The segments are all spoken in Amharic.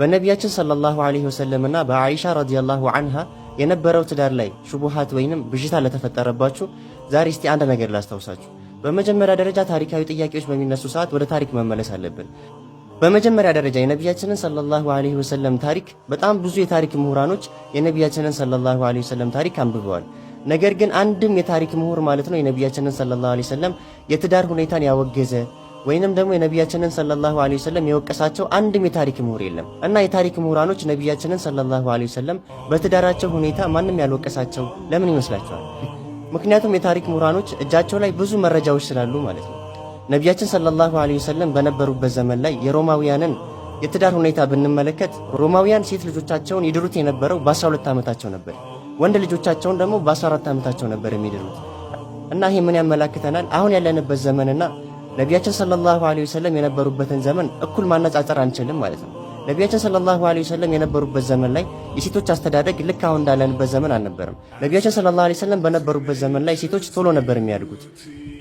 በነቢያችን ሰለላሁ ዐለይሂ ወሰለምና በአይሻ ረዲየላሁ ዐንሃ የነበረው ትዳር ላይ ሹቡሃት ወይንም ብዥታ ለተፈጠረባችሁ ዛሬ እስቲ አንድ ነገር ላስታውሳችሁ። በመጀመሪያ ደረጃ ታሪካዊ ጥያቄዎች በሚነሱ ሰዓት ወደ ታሪክ መመለስ አለብን። በመጀመሪያ ደረጃ የነቢያችንን ሰለላሁ ዐለይሂ ወሰለም ታሪክ በጣም ብዙ የታሪክ ምሁራኖች የነቢያችንን ሰለላሁ ዐለይሂ ወሰለም ታሪክ አንብበዋል። ነገር ግን አንድም የታሪክ ምሁር ማለት ነው የነቢያችንን ሰለላሁ ዐለይሂ ወሰለም የትዳር ሁኔታን ያወገዘ ወይንም ደግሞ የነቢያችንን ሰለላሁ ዐለይሂ ወሰለም የወቀሳቸው አንድም የታሪክ ምሁር የለም እና የታሪክ ምሁራኖች ነቢያችንን ሰለላሁ ዐለይሂ ወሰለም በትዳራቸው ሁኔታ ማንም ያልወቀሳቸው ለምን ይመስላችኋል? ምክንያቱም የታሪክ ምሁራኖች እጃቸው ላይ ብዙ መረጃዎች ስላሉ ማለት ነው። ነቢያችን ሰለላሁ ዐለይሂ ወሰለም በነበሩበት ዘመን ላይ የሮማውያንን የትዳር ሁኔታ ብንመለከት ሮማውያን ሴት ልጆቻቸውን ይድሩት የነበረው በ12 ዓመታቸው ነበር። ወንድ ልጆቻቸውን ደግሞ በ14 ዓመታቸው ነበር የሚድሩት እና ይሄ ምን ያመላክተናል? አሁን ያለንበት ዘመንና ነቢያችን ሰለላሁ ዐለይሂ ወሰለም የነበሩበትን ዘመን እኩል ማነጻጸር አንችልም ማለት ነው። ነቢያችን ሰለላሁ ዐለይሂ ወሰለም የነበሩበት ዘመን ላይ የሴቶች አስተዳደግ ልክ አሁን እንዳለንበት ዘመን አልነበረም። ነቢያችን ሰለላሁ ዐለይሂ ወሰለም በነበሩበት ዘመን ላይ ሴቶች ቶሎ ነበር የሚያድጉት።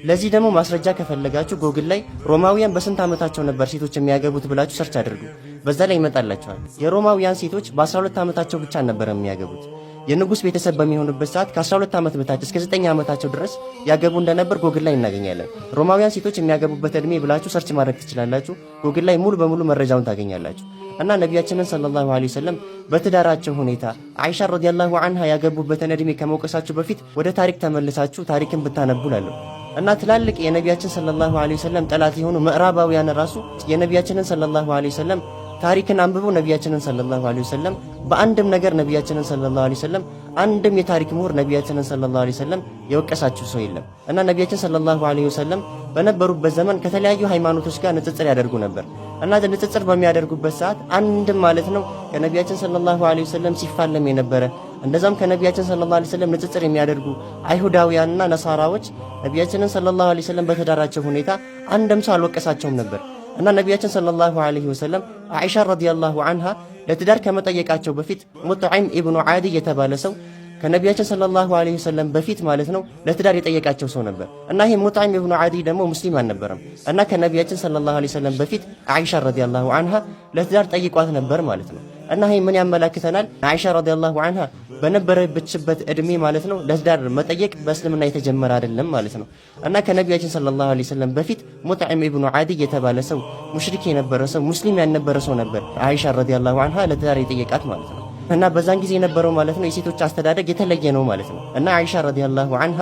ለዚህ ደግሞ ማስረጃ ከፈለጋችሁ ጎግል ላይ ሮማውያን በስንት ዓመታቸው ነበር ሴቶች የሚያገቡት ብላችሁ ሰርች አድርጉ። በዛ ላይ ይመጣላቸዋል። የሮማውያን ሴቶች በ12 ዓመታቸው ብቻ ነበር የሚያገቡት። የንጉሥ ቤተሰብ በሚሆኑበት ሰዓት ከ12 ዓመት በታች እስከ 9 ዓመታቸው ድረስ ያገቡ እንደነበር ጎግል ላይ እናገኛለን። ሮማውያን ሴቶች የሚያገቡበት ዕድሜ ብላችሁ ሰርች ማድረግ ትችላላችሁ። ጎግል ላይ ሙሉ በሙሉ መረጃውን ታገኛላችሁ። እና ነቢያችንን ሰለላሁ ዐለይሂ ወሰለም በትዳራቸው ሁኔታ አይሻ ረዲያላሁ አንሃ ያገቡበትን ዕድሜ ከመውቀሳችሁ በፊት ወደ ታሪክ ተመልሳችሁ ታሪክን ብታነቡላለሁ። እና ትላልቅ የነቢያችን ሰለላሁ ዐለይሂ ወሰለም ጠላት የሆኑ ምዕራባውያን ራሱ የነቢያችንን ሰለላሁ ዐለይሂ ወሰለም ታሪክን አንብቦ ነቢያችንን ሰለላሁ ዐለይሂ ወሰለም በአንድም ነገር ነቢያችንን ሰለላሁ ዐለይሂ ወሰለም አንድም የታሪክ ምሁር ነቢያችንን ሰለላሁ ዐለይሂ ወሰለም የወቀሳችሁ ሰው የለም እና ነቢያችን ሰለላሁ ዐለይሂ ወሰለም በነበሩበት ዘመን ከተለያዩ ሃይማኖቶች ጋር ንጽጽር ያደርጉ ነበር እና ንጽጽር በሚያደርጉበት ሰዓት አንድም ማለት ነው ከነቢያችን ሰለላሁ ዐለይሂ ወሰለም ሲፋለም የነበረ እንደዛም ከነቢያችን ሰለላሁ ዐለይሂ ወሰለም ንጽጽር የሚያደርጉ አይሁዳውያንና ነሳራዎች ነቢያችንን ሰለላሁ ዐለይሂ ወሰለም በተዳራቸው ሁኔታ አንድም ሰው አልወቀሳቸውም ነበር። እና ነቢያችን ሰለላሁ ዐለይሂ ወሰለም አኢሻ ረዲየላሁ ዐንሃ ለትዳር ከመጠየቃቸው በፊት ሙጥዒም ኢብኑ ዓዲ የተባለ ሰው ከነቢያችን ሰለላሁ ዐለይሂ ወሰለም በፊት ማለት ነው ለትዳር የጠየቃቸው ሰው ነበር። እና ይህ ሙጥዒም ኢብኑ ዓዲ ደግሞ ሙስሊም አልነበረም። እና ከነቢያችን ሰለላሁ ዐለይሂ ወሰለም በፊት አኢሻ ረዲየላሁ ዐንሃ ለትዳር ጠይቋት ነበር ማለት ነው። እና ይሄ ምን ያመላክተናል? አይሻ ረዲየላሁ አንሃ በነበረችበት እድሜ ማለት ነው ለትዳር መጠየቅ በእስልምና የተጀመረ አይደለም ማለት ነው። እና ከነቢያችን ሰለላሁ ዐለይሂ ወሰለም በፊት ሙጥዕም ኢብኑ ዓዲ የተባለ ሰው ሙሽሪክ የነበረ ሰው ሙስሊም ያልነበረ ሰው ነበር አይሻ ረዲየላሁ አንሃ ለትዳር የጠየቃት ማለት ነው። እና በዛን ጊዜ የነበረው ማለት ነው የሴቶች አስተዳደግ የተለየ ነው ማለት ነው። እና አይሻ ረዲየላሁ አንሃ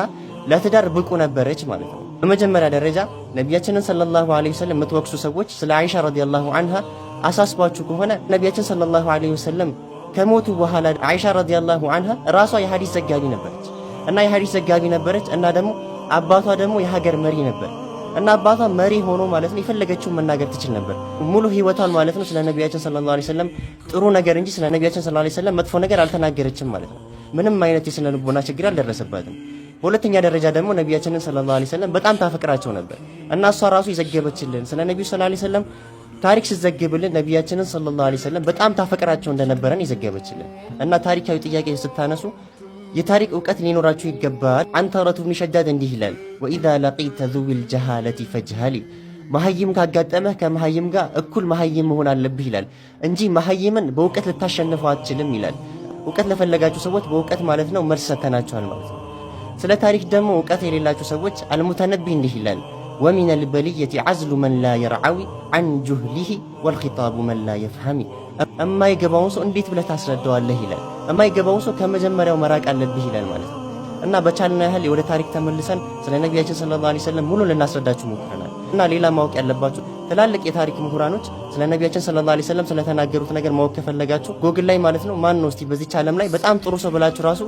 ለትዳር ብቁ ነበረች ማለት ነው። በመጀመሪያ ደረጃ ነቢያችንን ሰለላሁ ዐለይሂ ወሰለም የምትወቅሱ ሰዎች ስለ አይሻ ረዲየላሁ አንሃ አሳስባችሁ ከሆነ ነቢያችን ሰለላሁ ዐለይሂ ወሰለም ከሞቱ በኋላ አይሻ ረዲያላሁ አንሃ ራሷ የሐዲስ ዘጋቢ ነበረች እና የሐዲስ ዘጋቢ ነበረች እና ደግሞ አባቷ ደግሞ የሀገር መሪ ነበር እና አባቷ መሪ ሆኖ ማለት ነው የፈለገችውን መናገር ትችል ነበር። ሙሉ ህይወቷን ማለት ነው ስለ ነቢያችን ሰለላሁ ዐለይሂ ወሰለም ጥሩ ነገር እንጂ ስለ ነቢያችን ሰለላሁ ዐለይሂ ወሰለም መጥፎ ነገር አልተናገረችም ማለት ነው። ምንም አይነት የስነ ልቦና ችግር አልደረሰባትም። በሁለተኛ ደረጃ ደግሞ ነቢያችንን ሰለላሁ ዐለይሂ ወሰለም በጣም ታፈቅራቸው ነበር እና እሷ ራሱ የዘገበችልን ስለ ነቢዩ ሰለላሁ ዐለይሂ ወሰለም ታሪክ ስትዘግብልን ነቢያችንን ሰለላሁ ዐለይሂ ወሰለም በጣም ታፈቅራቸው እንደነበረን የዘገበችልን እና ታሪካዊ ጥያቄ ስታነሱ የታሪክ እውቀት ሊኖራችሁ ይገባል። አንተረቱ ብኒ ሸዳድ እንዲህ ይላል፣ ወኢዛ ለቂተ ዙዊል ጀሃለቲ ፈጅሃሊ መሀይም ካጋጠመህ ከመሀይም ጋር እኩል መሀይም መሆን አለብህ ይላል እንጂ መሀይምን በእውቀት ልታሸንፈው አትችልም ይላል። እውቀት ለፈለጋችሁ ሰዎች በእውቀት ማለት ነው መልስ ሰተናቸዋል ማለት ነው። ስለ ታሪክ ደግሞ እውቀት የሌላችሁ ሰዎች አልሙተነቢ እንዲህ ይላል ወሚነል በልየቲ ዐዝሉ መን ላ የርዓዊ ዐን ጁህሊሂ ወልኺጣቡ መን ላ የፍሐሚ። እማይገባውን ሰው እንዴት ብለህ ታስረዳዋለህ ይላል። እማይገባውን ሰው ከመጀመሪያው መራቅ አለብህ ይላል ማለት ነው። እና በቻልና ያህል ወደ ታሪክ ተመልሰን ስለ ነቢያችን ሰለላሁ ዐለይሂ ወሰለም ሙሉ ልናስረዳችሁ ሞክረናል። እና ሌላ ማወቅ ያለባችሁ ትላልቅ የታሪክ ምሁራኖች ስለ ነቢያችን ሰለላሁ ዐለይሂ ወሰለም ስለተናገሩት ነገር ማወቅ ከፈለጋችሁ ጎግል ላይ ማለት ነው ማን ነው እስቲ በዚች ዓለም ላይ በጣም ጥሩ ሰው ብላችሁ ራሱ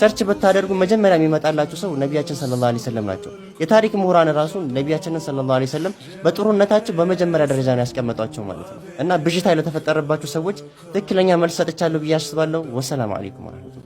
ሰርች ብታደርጉ መጀመሪያ የሚመጣላችሁ ሰው ነቢያችን ሰለላሁ ዐለይሂ ወሰለም ናቸው። የታሪክ ምሁራን ራሱ ነቢያችንን ሰለላሁ ዐለይሂ ወሰለም በጥሩነታቸው በመጀመሪያ ደረጃ ነው ያስቀመጧቸው ማለት ነው። እና ብዥታ ለተፈጠረባችሁ ሰዎች ትክክለኛ መልስ ሰጥቻለሁ ብዬ አስባለሁ። ወሰላም አለይኩም